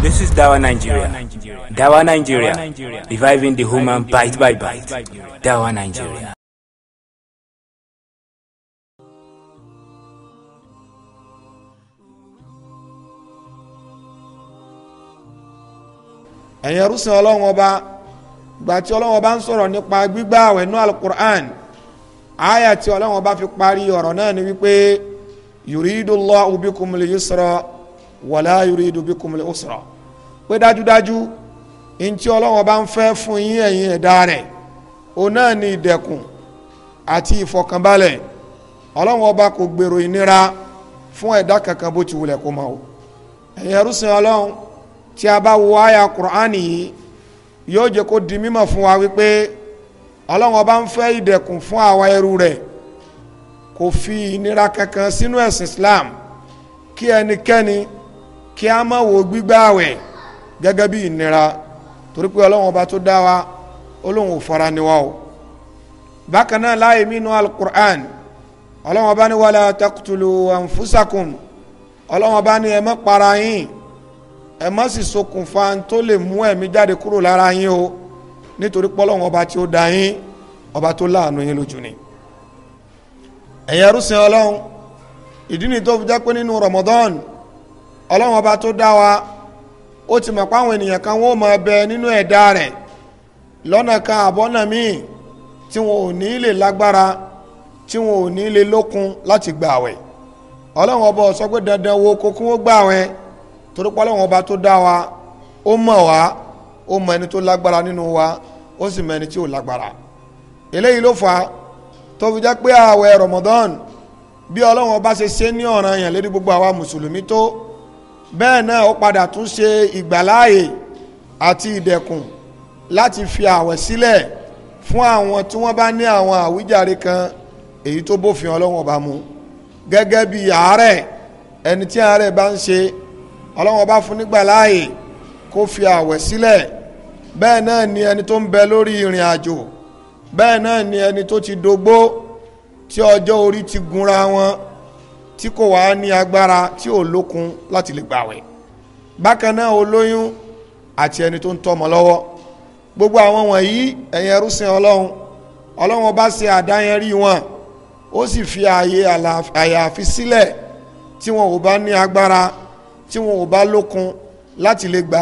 This is Dawa Nigeria. Dawa Nigeria. Reviving the human bite by bite. Dawa Nigeria. ẹ̀yin ẹrúsìn ọlọ́run ọba gbà tí ọlọ́run ọba ń sọ̀rọ̀ nípa gbígbà àwẹ̀ nú alukur'an àyà tí ọlọ́run ọba fi parí ọ̀rọ̀ náà ni wípé yuridullahu bikumul yusra wala yuridu bikumul usra pé dájúdájú ntí ọlọ́wọ́n bá ń fẹ́ fún yín ẹ̀yin ẹ̀dá rẹ̀ òun náà ní ìdẹ̀kùn àti ìfọkànbalẹ̀ ọlọ́wọ́n ọba kò gbèrò ìnira fún ẹ̀dá kankan bó ti wulẹ̀ kó ma o ẹ̀yin ẹrúsìn ọlọ́run tí a bá wo àyà kùránì yìí yóò jẹ́ kó di mímọ̀ fún wa wípé ọlọ́run ọba ń fẹ́ ìdẹ̀kùn fún àwa ẹrú rẹ̀ kò fi ìnira kankan sínú ẹ̀sìn Islam kí ẹnikẹ́ni kí a má wo gbígbààwẹ̀ gẹ́gẹ́ bí ìnira torí pé ọlọ́run ọba tó dá wa ọlọ́run ò fara ni wa o bákan náà láàyè mí inú alukur'an ọlọ́run ọba ní wala taqtulu anfusakum ọlọ́run ọba ní ẹ má para yín ẹ má sì ṣokùnfà tó lè mú ẹ̀mí jáde kúrò lára yín o nítorí pé ọlọ́run ọba tí ó dá yín ọba tó láàánú yín lójú ni ẹ̀yẹ rúṣin ọlọ́run ìdí ni tó fi jẹ́ pé nínú Ramadan ọlọ́run ọba tó dá wa ó ti mọ̀ páwọn ènìyàn kan wọ́n máa bẹ nínú ẹ̀dá rẹ̀ lọ́nà kan àbọ́nà míì tí wọn ò ní lè lágbára tí wọn ò ní lè lókun láti gbà wẹ̀ ọlọ́run ọba ó sọ pé dandan wo kókó wọn gbà wẹ̀ torí pé ọlọ́run ọba tó dá wa ó mọ̀ wá ó mọ ẹni tó lágbára nínú wa ó sì mọ ẹni tí ò lágbára eléyìí ló fà á tó fi jẹ́ pé ààwẹ̀ Ramadan bí ọlọ́run ọba ṣe ṣe ní ọ̀ranyàn lérí gbogbo àwa mùsùlùmí tó bẹ́ẹ̀ náà ó padà tún ṣe ìgbàláàyè àti ìdẹ̀kùn láti fi àwẹ̀ sílẹ̀ fún àwọn tí wọ́n bá ní àwọn àwíjàre kan èyí tó bófin ọlọ́wọ́n bá mu gẹ́gẹ́ bí àárẹ̀ ẹni tí àárẹ̀ bá ń ṣe ọlọ́wọ́n bá fún nígbàláàyè kó fi àwẹ̀ sílẹ̀ bẹ́ẹ̀ náà ni ẹni tó ń bẹ lórí ìrìn àjò bẹ́ẹ̀ náà ni ẹni tó ti dógbó tí ọjọ́ orí ti gunra wọn tí kò wá ní agbára tí ò lókun láti lè gbàwẹ̀ bákan náà olóyún àti ẹni tó ń tọ́mọ lọ́wọ́ gbogbo àwọn wọ̀nyí ẹ̀yin ẹrúsìn ọlọ́run ọlọ́run bá ṣe àdáyẹrí wọn ó sì fi ààyè àyàfi sílẹ̀ tí wọn ò bá ní agbára tí wọn ò bá lókun láti lè gba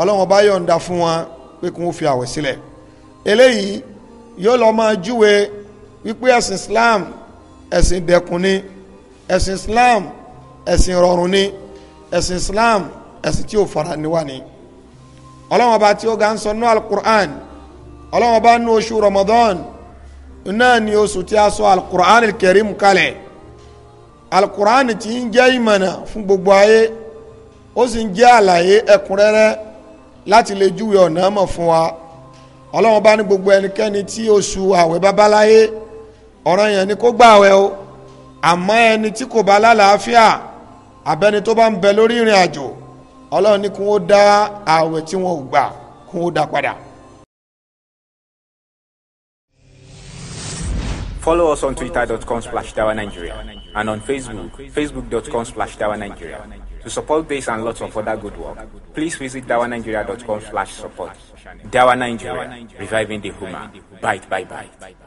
ọlọ́run bá yọ̀ǹda fún wọn pé kí wọ́n fi àwẹ̀ sílẹ̀ eléyìí yóò lọ́ọ́ máa júwe wípé ẹ̀sìn Islam ẹ̀sìn dẹkùn ẹ̀sìn Islam ẹ̀sìn rọrùn ni ẹ̀sìn Islam ẹ̀sìn tí ò fara níwá ni ọlọ́wọ́n bá tí ó ga ń sọ nú alukur'an ọlọ́wọ́n bá nú oṣù Ramadan náà ni oṣù tí a sọ alukur'an kẹrim kalẹ̀ alukur'an tí ń jẹ́ ìmọ̀nà fún gbogbo ayé ó sì ń jẹ́ àlàyé ẹ̀kúnrẹ́rẹ́ láti lè júwe ọ̀nà mọ̀ fún wa ọlọ́wọ́n bá ní gbogbo ẹnikẹ́ni tí oṣù àwẹ̀ bábáláyé ọ̀ranyàn ni kó gbààwẹ̀ o àmọ́ ẹni tí kò bá lálàáfíà abẹ́ni tó bá ń bẹ lórí ìrìn àjò ọlọ́run ní kí wọ́n dá ààwẹ̀ tí wọ́n gbà kí wọ́n dá padà. Follow us on twitter.com slash Dawa and on Facebook, facebook.com slash Dawa To support this and lots of other good work, please visit dawanigeria.com support. Dawa Nigeria, reviving the human. Bye, bye, bye.